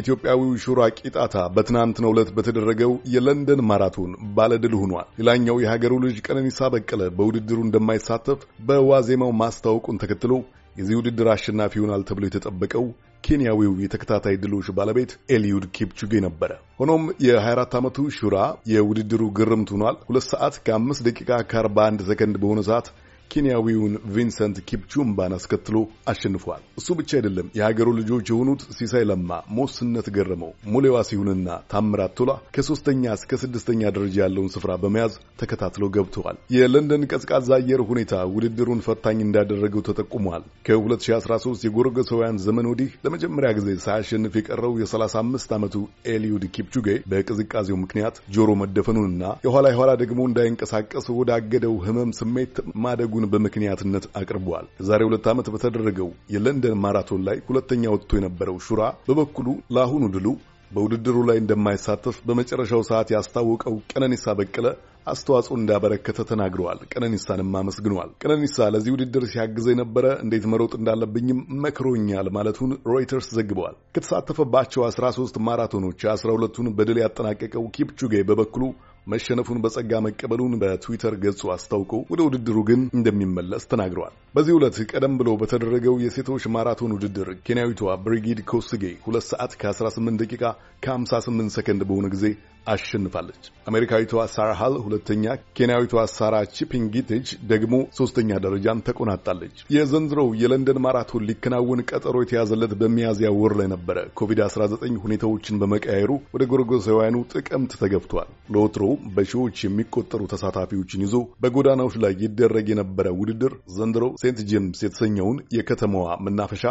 ኢትዮጵያዊው ሹራ ቂጣታ በትናንትናው ዕለት በተደረገው የለንደን ማራቶን ባለድል ሆኗል። ሌላኛው የሀገሩ ልጅ ቀነኒሳ በቀለ በውድድሩ እንደማይሳተፍ በዋዜማው ማስታወቁን ተከትሎ የዚህ ውድድር አሸናፊ ይሆናል ተብሎ የተጠበቀው ኬንያዊው የተከታታይ ድሎች ባለቤት ኤልዩድ ኬፕቹጌ ነበረ። ሆኖም የ24 ዓመቱ ሹራ የውድድሩ ግርምት ሆኗል። ሁለት ሰዓት ከ5 ደቂቃ ከ41 ሰከንድ በሆነ ሰዓት ኬንያዊውን ቪንሰንት ኪፕቹምባን አስከትሎ አሸንፏል። እሱ ብቻ አይደለም። የሀገሩ ልጆች የሆኑት ሲሳይ ለማ፣ ሞስነት ገረመው፣ ሙሌዋ ሲሁንና ታምራት ቶላ ከሶስተኛ እስከ ስድስተኛ ደረጃ ያለውን ስፍራ በመያዝ ተከታትለው ገብተዋል። የለንደን ቀዝቃዛ አየር ሁኔታ ውድድሩን ፈታኝ እንዳደረገው ተጠቁሟል። ከ2013 የጎረገሰውያን ዘመን ወዲህ ለመጀመሪያ ጊዜ ሳያሸንፍ የቀረው የ35 ዓመቱ ኤልዩድ ኪፕቹጌ በቅዝቃዜው ምክንያት ጆሮ መደፈኑንና የኋላ የኋላ ደግሞ እንዳይንቀሳቀስ ወዳገደው ህመም ስሜት ማደጉን ውጤቱን በምክንያትነት አቅርቧል። የዛሬ ሁለት ዓመት በተደረገው የለንደን ማራቶን ላይ ሁለተኛ ወጥቶ የነበረው ሹራ በበኩሉ ለአሁኑ ድሉ በውድድሩ ላይ እንደማይሳተፍ በመጨረሻው ሰዓት ያስታወቀው ቀነኒሳ በቀለ አስተዋጽኦ እንዳበረከተ ተናግረዋል። ቀነኒሳንም አመስግነዋል። ቀነኒሳ ለዚህ ውድድር ሲያግዘ የነበረ እንዴት መሮጥ እንዳለብኝም መክሮኛል ማለቱን ሮይተርስ ዘግበዋል። ከተሳተፈባቸው 13 ማራቶኖች 12ቱን በድል ያጠናቀቀው ኪፕቹጌ በበኩሉ መሸነፉን በጸጋ መቀበሉን በትዊተር ገጹ አስታውቆ ወደ ውድድሩ ግን እንደሚመለስ ተናግረዋል። በዚህ ዕለት ቀደም ብሎ በተደረገው የሴቶች ማራቶን ውድድር ኬንያዊቷ ብሪጊድ ኮስጌ 2 ሰዓት ከ18 ደቂቃ ከ58 ሰከንድ በሆነ ጊዜ አሸንፋለች። አሜሪካዊቷ ሳራ ሃል ሁለተኛ፣ ኬንያዊቷ ሳራ ቺፕንጊቲች ደግሞ ሶስተኛ ደረጃን ተቆናጣለች። የዘንድሮው የለንደን ማራቶን ሊከናወን ቀጠሮ የተያዘለት በሚያዝያ ወር ላይ ነበረ። ኮቪድ-19 ሁኔታዎችን በመቀያየሩ ወደ ጎርጎሳውያኑ ጥቅምት ተገብቷል። ለወትሮ በሺዎች የሚቆጠሩ ተሳታፊዎችን ይዞ በጎዳናዎች ላይ ይደረግ የነበረ ውድድር ዘንድሮ ሴንት ጄምስ የተሰኘውን የከተማዋ መናፈሻ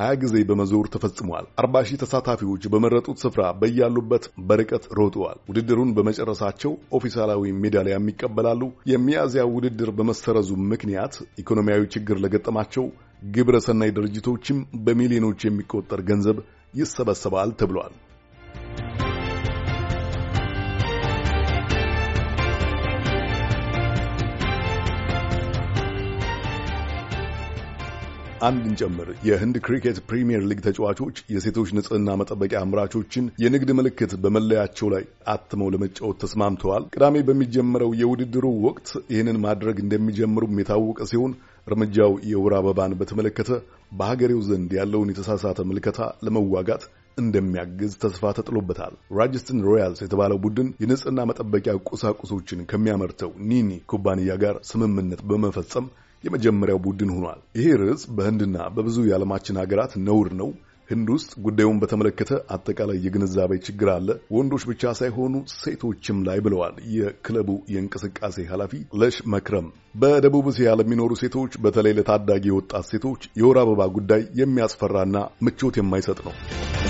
ሀያ ጊዜ በመዞር ተፈጽሟል። አርባ ሺህ ተሳታፊዎች በመረጡት ስፍራ በያሉበት በርቀት ሮጠዋል። ውድድሩን በመጨረሳቸው ኦፊሳላዊ ሜዳሊያም ይቀበላሉ። የሚያዝያ ውድድር በመሰረዙ ምክንያት ኢኮኖሚያዊ ችግር ለገጠማቸው ግብረ ሰናይ ድርጅቶችም በሚሊዮኖች የሚቆጠር ገንዘብ ይሰበሰባል ተብሏል። አንድን ጨምር የህንድ ክሪኬት ፕሪሚየር ሊግ ተጫዋቾች የሴቶች ንጽህና መጠበቂያ አምራቾችን የንግድ ምልክት በመለያቸው ላይ አትመው ለመጫወት ተስማምተዋል። ቅዳሜ በሚጀመረው የውድድሩ ወቅት ይህንን ማድረግ እንደሚጀምሩም የታወቀ ሲሆን እርምጃው የወር አበባን በተመለከተ በሀገሬው ዘንድ ያለውን የተሳሳተ ምልከታ ለመዋጋት እንደሚያግዝ ተስፋ ተጥሎበታል። ራጅስትን ሮያልስ የተባለው ቡድን የንጽህና መጠበቂያ ቁሳቁሶችን ከሚያመርተው ኒኒ ኩባንያ ጋር ስምምነት በመፈጸም የመጀመሪያው ቡድን ሆኗል። ይሄ ርዕስ በህንድና በብዙ የዓለማችን ሀገራት ነውር ነው። ህንድ ውስጥ ጉዳዩን በተመለከተ አጠቃላይ የግንዛቤ ችግር አለ፣ ወንዶች ብቻ ሳይሆኑ ሴቶችም ላይ ብለዋል የክለቡ የእንቅስቃሴ ኃላፊ ለሽ መክረም። በደቡብ እስያ ለሚኖሩ ሴቶች በተለይ ለታዳጊ ወጣት ሴቶች የወር አበባ ጉዳይ የሚያስፈራና ምቾት የማይሰጥ ነው።